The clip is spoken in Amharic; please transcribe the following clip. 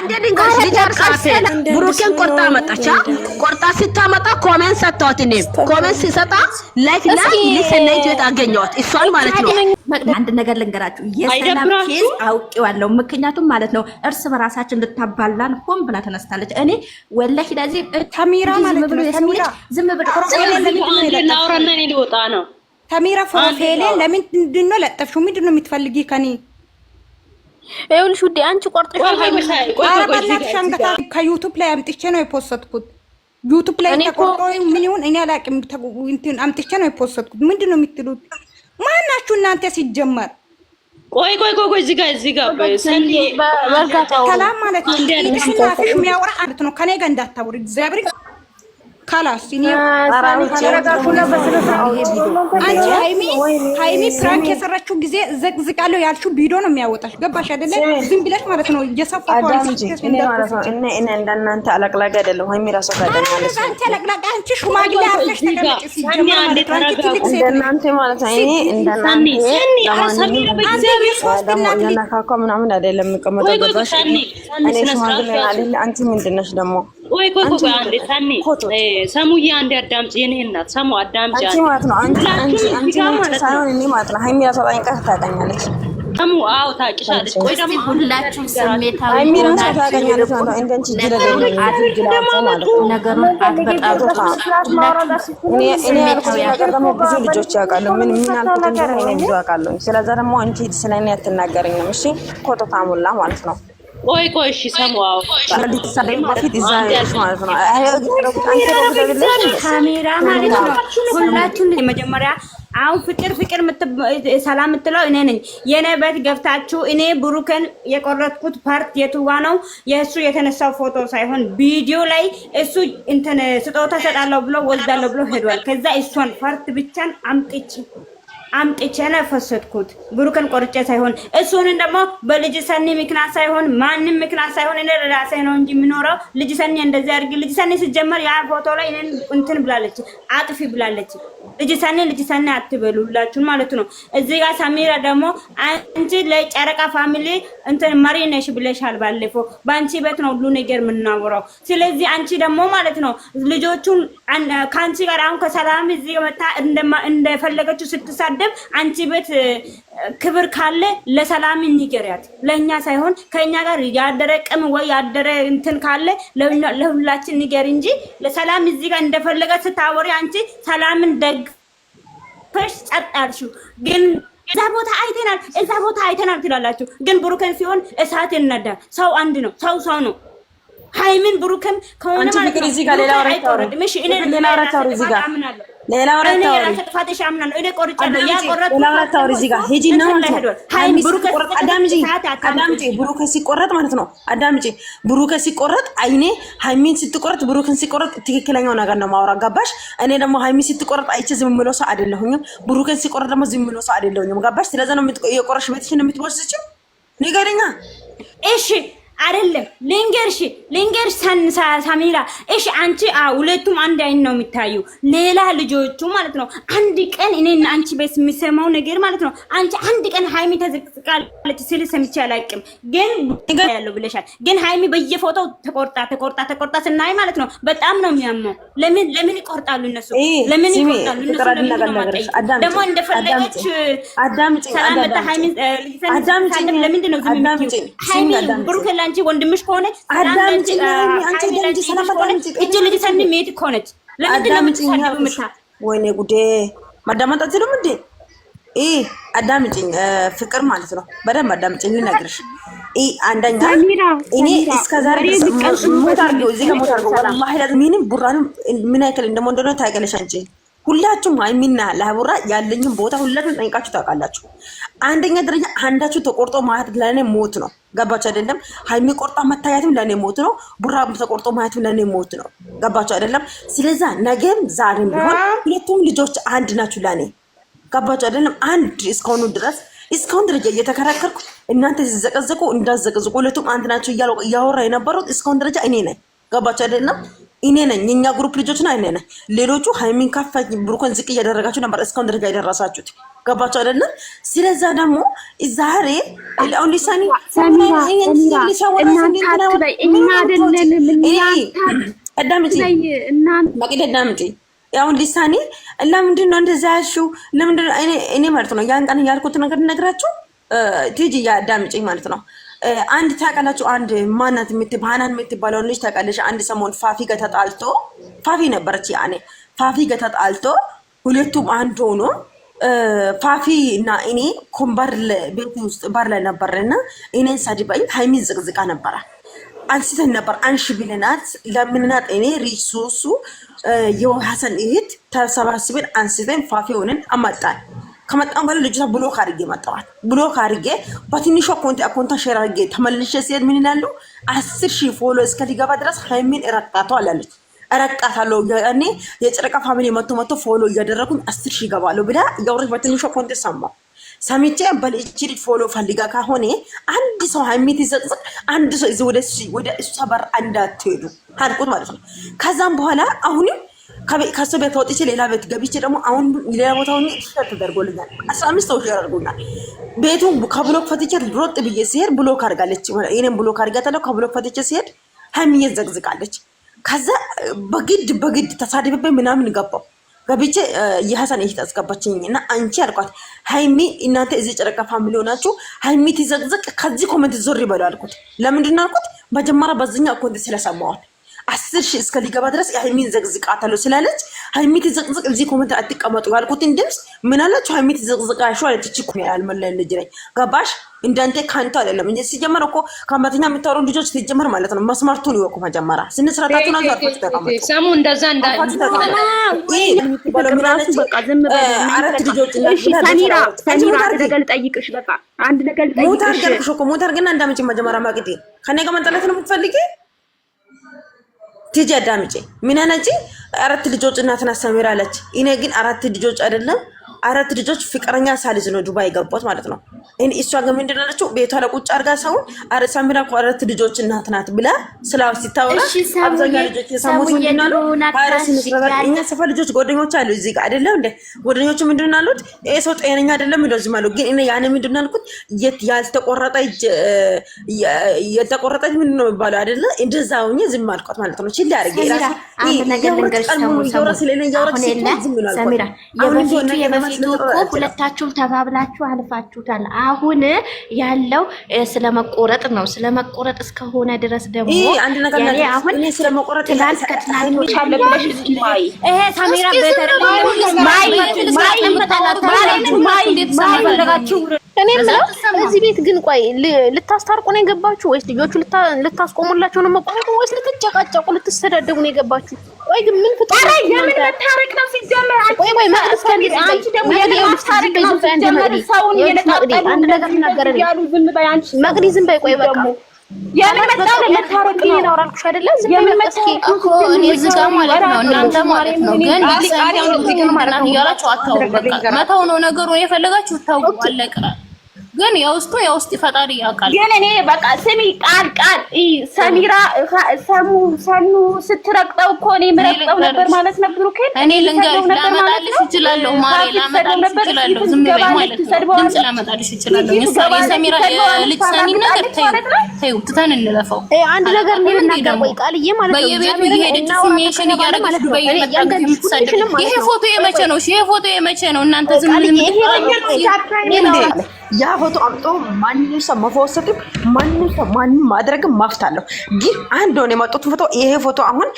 እንደ ድንጋይ ሲጨርሳት ብሩኬን ቆርጣ አመጣች። ቆርጣ ስታመጣ ኮሜንት ሰጥተዋት፣ እኔ ኮሜንት ሲሰጣ ላይክ እና ሊሰናይት ቤት አገኘዋት እሷን ማለት ነው። አንድ ነገር ልንገራችሁ፣ የሰላም ኬዝ አውቄዋለሁ። ምክንያቱም ማለት ነው እርስ በራሳችን ልታባላን ሆን ብላ ተነስታለች። እኔ ወላሂ ለዚህ ተሚራ ማለት ነው ተሚራ ዝም ብሎ እኔ ልወጣ ነው። ተሚራ ፎቶዬን ለምንድን ነው ለጠፍሽው? ምንድን ነው የምትፈልጊ ከኔ ይኸውልሽ ውዴ አንቺ ቆርጠሽ ከዩቱብ ላይ አምጥቼ ነው የፖሰትኩት። ዩቱብ ላይ ተቆርጦ ምን ይሁን እኔ አላቅም። እንትን አምጥቼ ነው የፖሰትኩት። ምንድን ነው የምትሉት? ማናችሁ እናንተ ሲጀመር ቆይ ቆይ ቆይ ቆይ፣ እዚጋ እዚጋ ሰላም ማለት ነው። ሽናፍሽ የሚያወራ አንት ነው ከኔ ጋር እንዳታወሪ እግዚአብሔር ካላስ ሀይሚ ፕራንክ የሰራችው ጊዜ ዘቅዝቃለሁ ያልሽው ቢዶ ነው የሚያወጣሽ። ገባሽ አይደለ? ዝም ብለሽ ማለት ነው እየሰፋ እንዳናንተ አለቅላቂ አይደለም። ሀይሚ ራሷ ሽማግሌ አለሽ ተቀመጭ። ቆይ ቆይ ቆይ አንዴ ሰኒ ሰሙዬ፣ አንዴ አዳምጪ። እናት ሰሙ አዳምጪ። አንቺ ማለት ነው አንቺ አንቺ ሳይሆን እኔ ማለት ነው ሀይሚ ራሷ ጠንቀቅ ታውቃኛለች። ሰሙ አዎ፣ ታውቂሻለች። ቆይ ደግሞ ሁላችሁም ስሜታዊ ሀይሚ ራሷ ታውቃኛለች ማለት ነው። አንቺ ነገሩን አትበጣጡ። እኔ ያልኩት ነገር ደግሞ ብዙ ልጆች ያውቃሉ። ምን ምን አልኩት እንደሆነ እኔ ብዙ ደግሞ አንቺ እሺ ማለት ነው ቆይ ቆይ እሺ ሰማው ካሜራ ማለት ነው። ሁላችሁም የመጀመሪያ አሁን ፍቅር ፍቅር ሰላም የምትለው እኔ ነኝ። የኔ ቤት ገብታችሁ እኔ ብሩክን የቆረጥኩት ፓርት የትዋ ነው? የእሱ የተነሳው ፎቶ ሳይሆን ቪዲዮ ላይ እሱ እንትን ስጦታ ሰጣለሁ ብሎ ወልዳለሁ ብሎ ሄዷል። ከዛ እሷን ፓርት ብቻን አምጥቼ አምጥቼ ነው የፈሰድኩት። ብሩክን ቆርጬ ሳይሆን እሱን ደግሞ በልጅ ሰኒ ምክንያት ሳይሆን ማንም ምክንያት ሳይሆን እኔ ራሴ ነው እንጂ የምኖረው። ልጅ ሰኒ እንደዚህ አድርጊ። ልጅ ሰኒ ሲጀመር ያ ፎቶ ላይ እኔን እንትን ብላለች፣ አጥፊ ብላለች። ልጅ ሰኒ ልጅ ሰኒ አትበሉ ሁላችሁም ማለት ነው። እዚህ ጋር ሰሚራ ደግሞ አንቺ ለጨረቃ ፋሚሊ እንትን መሪ ነሽ ብለሻል። ባለፈው በአንቺ ቤት ነው ሁሉ ነገር የምናወራው። ስለዚህ አንቺ ደግሞ ማለት ነው ልጆቹን ከአንቺ ጋር አሁን ከሰላም እዚህ መታ እንደፈለገችው ስትሳደ ስትሳደብ አንቺ ቤት ክብር ካለ ለሰላም ንገሪያት፣ ለእኛ ሳይሆን ከእኛ ጋር ያደረ ቅም ወይ ያደረ እንትን ካለ ለሁላችን ንገር እንጂ ለሰላም እዚህ ጋር እንደፈለገ ስታወሪ አንቺ ሰላምን ደግፈሽ ጸጥ ያልሽው ግን እዛ ቦታ አይተናል፣ እዛ ቦታ አይተናል ትላላችሁ። ግን ብሩክን ሲሆን እሳት ይነዳል። ሰው አንድ ነው። ሰው ሰው ነው። ሀይሚን ብሩክም ከሆነ ማለት ነው። ሌላ እኔ ሌላ ሌላ ሌላ ብሩክ ሲቆረጥ ማለት ነው። አዳምጪ። ብሩክ ሲቆረጥ አይኔ ሀይሚን ስትቆረጥ፣ ብሩክን ሲቆረጥ ትክክለኛው ነገር ነው ማውራ ገባሽ? እኔ ደግሞ ሀይሚን ስትቆረጥ አይቼ ዝም ብሎ ሰው አይደለሁኝም። ብሩክን ሲቆረጥ ደግሞ ዝም ብሎ ሰው አይደለሁኝም። ገባሽ? ስለዚህ ነው የቆረሽ ቤትሽን የምትወስጂው። ንገረኛ። እሺ አይደለም ልንገርሽ ልንገርሽ ሳሚራ፣ እሺ አንቺ ሁለቱም አንድ አይን ነው የሚታዩ። ሌላ ልጆቹ ማለት ነው አንድ ቀን እኔና አንቺ ቤት የሚሰማው ነገር ማለት ነው አንቺ አንድ ቀን ሀይሚ ተዘቅዝቃለች ስል ሰምቼ አላውቅም፣ ግን ያለው ብለሻል። ግን ሀይሚ በየፎቶው ተቆርጣ ተቆርጣ ተቆርጣ ስናይ ማለት ነው በጣም ነው የሚያመው። ለምን ለምን ይቆርጣሉ እነሱ? ለምን ይቆርጣሉ እነሱ? ደግሞ እንደፈለገች ሰላም መጣ ሀይሚ ለምንድን ነው ሀይሚ ብሩክላ አንቺ ወንድምሽ ከሆነች እጅ ልጅ ሰኒ ሜት ከሆነች ወይኔ ጉዴ! ማዳመጥ አትችልም እንዴ? ይህ አዳምጪኝ፣ ፍቅር ማለት ነው። በደንብ አዳምጪኝ፣ ልነግርሽ። አንደኛ እኔ እስከ ዛሬ ሞት አድርገው እዚህ ከሞት አድርገው ወላሂ ላዝሚንም ቡራንም ምን ያክል እንደሞ እንደሆነ ታውቂያለሽ አንቺ ሁላችሁም ሀይሚና ለቡራ ያለኝም ቦታ ሁላችሁም ጠንቃችሁ ታውቃላችሁ። አንደኛ ደረጃ አንዳችሁ ተቆርጦ ማየት ለእኔ ሞት ነው። ገባችሁ አይደለም? ሀይሚ ቆርጣ መታየትም ለእኔ ሞት ነው። ቡራ ተቆርጦ ማየትም ለእኔ ሞት ነው። ገባችሁ አይደለም? ስለዛ ነገም ዛሬም ቢሆን ሁለቱም ልጆች አንድ ናችሁ ለእኔ። ገባችሁ አይደለም? አንድ እስከሆኑ ድረስ እስካሁን ደረጃ እየተከራከርኩ እናንተ ሲዘቀዘቁ እንዳዘቀዘቁ ሁለቱም አንድ ናቸው እያወራ የነበሩት እስካሁን ደረጃ እኔ ነኝ። ገባቸው አይደለም። እኔ ነኝ እኛ ግሩፕ ልጆች ልጆችና እኔ ነኝ። ሌሎቹ ሃይሚን ከፍ ብሩኮን ዝቅ እያደረጋችሁ ነበር እስካሁን ደረጃ የደረሳችሁት። ገባቸው አይደለም። ስለዛ ደግሞ ዛሬ አሁን ሊሳኒ ዳምጪ አሁን ሊሳኔ ለምንድን ነው እንደዛ ያልሺው? ለምንድን ነው እኔ ማለት ነው ያን ቀን ያልኩት ነገር ነግራችሁ ትሄጂ ያዳምጪኝ ማለት ነው አንድ ታውቃላችሁ፣ አንድ ማናት ሀናን የምትባለውን ልጅ ታውቃለች? አንድ ሰሞን ፋፊ ጋር ተጣልቶ ፋፊ ነበረች ያኔ ፋፊ ጋር ተጣልቶ ሁለቱም አንድ ሆኖ ፋፊ እና እኔ ኮምበር ቤት ውስጥ ባር ላይ ነበርና እና እኔን ሳድባኝ ሀይሚን ዝቅዝቃ ነበረ አንስተን ነበር አንሺ ብለናት ለምንናት እኔ ሪሶሱ የሀሰን እህት ተሰባስበን አንስተን ፋፊ ሆነን አመጣን። ከመጣን በኋላ ልጅቷ ብሎክ አድርጌ መጣዋት። ብሎክ አድርጌ በትንሹ አኮንት አኮንታ ሼር አድርጌ ተመልሼ ሲሄድ ምን ይላሉ? አስር ሺህ ፎሎ እስከሊገባ ድረስ ሀይሚን እረቃቶ አላለች። እረቃታለሁ እኔ የጨረቃ ፋሚሊ መቶ መቶ ፎሎ እያደረጉኝ አስር ሺህ ይገባለሁ ብላ እያወረች በትንሹ አኮንት ሰማሁ። ሰሚቼ በልጅ ፎሎ ፈልጋ ከሆነ አንድ ሰው ሀይሚት ይዘጽቅ አንድ ሰው ወደ እሷ በር እንዳትሄዱ አልኩት ማለት ነው። ከዛም በኋላ አሁንም ከሱ ቤት ወጥቼ ሌላ ቤት ገብቼ ደግሞ አሁን ሌላ ቦታ ሆኜ ተደርጎልኛል። አስራ አምስት ሰው ሽር አድርጎኛል። ቤቱን ከብሎክ ፈትቼ ሮጥ ብዬ ሲሄድ ብሎክ አድርጋለች። ይህንም ብሎክ አድርጋታለሁ። ከብሎክ ፈትቼ ሲሄድ ሀይሚዬ ዘግዝቃለች። ከዛ በግድ በግድ ተሳድቤ ምናምን ገባው ገብቼ የሀሰን እህት አስገባችኝ እና አንቺ አልኳት፣ ሀይሚ እናንተ እዚህ ጨረቃ ፋሚሊ ሆናችሁ ሀይሚ ትዘቅዘቅ ከዚህ ኮመንት ዞር ይበሉ አልኩት። ለምንድን አልኩት መጀመሪያ በዚህኛው ኮንት ስለሰማዋል አስር ሺህ እስከ ሊገባ ድረስ ሀይሚን ዘቅዝቃታለሁ ስላለች ሀይሚት ዘቅዝቅ እዚህ ኮመንት አትቀመጡ ያልኩትን ድምፅ ምን አላችሁ? ሀይሚት ዘቅዝቃ ያሹ አለች። እኮ ያልመላይ ልጅ ነኝ ገባሽ? እንዳንተ ካንቱ አይደለም እ ሲጀመር እኮ ከአምራተኛ የሚታወሩ ልጆች ሲጀመር ማለት ነው መስማርቱን ይወቁ መጀመራ ስንስራታቱን አንዱ አርፋችሁ ተቀመጡ። ሰሙ እንደዛ እንዳአራት ልጆች ሞታር ገና እንዳምጭ መጀመሪያ ማግዴ ከኔ ጋር መጠለት ነው የምትፈልጊ ትጂ አዳምጪ። ምን አለች? አራት ልጆች እናትና ሰሜራ አለች። እኔ ግን አራት ልጆች አይደለም አራት ልጆች ፍቅረኛ ሳልዝ ነው ዱባይ የገባሁት ማለት ነው። እሷ ግን ምንድን ነው ቤቷ ለቁጭ አርጋ ሰውን ሳምቢላ እኮ አራት ልጆች እናት ናት ብላ ስላ ሲታወራ አብዛኛው ልጆች የሰሙት ልጆች ጓደኞች አሉ እዚህ ጋር አይደለም እንደ ጓደኞች ምንድን አሉት? ይሄ ሰው ጤነኛ አይደለም ብሎ ዝም አሉ። ግን እኔ ያን ምንድን ነው ያልኩት? ያልተቆረጠ ምንድን ነው የሚባለው አይደለ? እንደዛ ሆኜ ዝም አልኳት ማለት ነው። ችል አድርጌ ራሱ ነገር ሰሙ ሰሙ ሀገሪቱ እኮ ሁለታችሁም ተባብላችሁ አልፋችሁታል። አሁን ያለው ስለመቆረጥ ነው። ስለመቆረጥ እስከሆነ ድረስ ደግሞ አንድ ነገር አሁን ስለመቆረጥ እኔ የምለው እዚህ ቤት ግን ቆይ ልታስታርቁ ነው የገባችሁ ወይስ ልጆቹ ልታስቆሙላቸው ነው መቆረጡ ወይስ ልትጨቃጨቁ ልትሰዳደቡ ነው የገባችሁ? ቆይ ግን ምን ፍጡር ነው? የምን መታረቅ ነው ሲጀመር? ቆይ ቆይ መቅደስ ከሚል አንቺ ደግሞ የምን መታረቅ ነው ሲጀመር? ሰውን የነጣጣሉ አንድ ነገር ተናገረ ያሉ ዝም በይ አንቺ መቅደስ ዝም በይ ቆይ በቃ ነው አልኩሽ የፈለጋችሁ ታውቁ አለቀ ግን የውስጡ የውስጥ ፈጣሪ ያውቃል። ግን እኔ በቃ ስሚ ቃል ቃል ሰሚራ ሰሙ ሰኑ ስትረቅጠው እኮ እኔ ምረቅጠው ነበር ማለት ነበሩ። ብሩኬን እኔ ልንገርሽ ላመጣልሽ እችላለሁ። ማሬ ላመጣልሽ እችላለሁ። ዝም ማለት ነው። ልጅ ሰኒ ነገር ትተን እንለፈው። አንድ ነገር ማለት ነው። በየቤቱ እየሄደች ይሄ ፎቶ የመቼ ነው? ይሄ ፎቶ የመቼ ነው? እናንተ ዝም ዝም ያ ፎቶ አምጦ ማንም ሰው መፎሰትም ማንም ሰው ማንም ማድረግም ማፍታለሁ። ግን አንድ ሆነ የመጡት ፎቶ ይሄ ፎቶ አሁን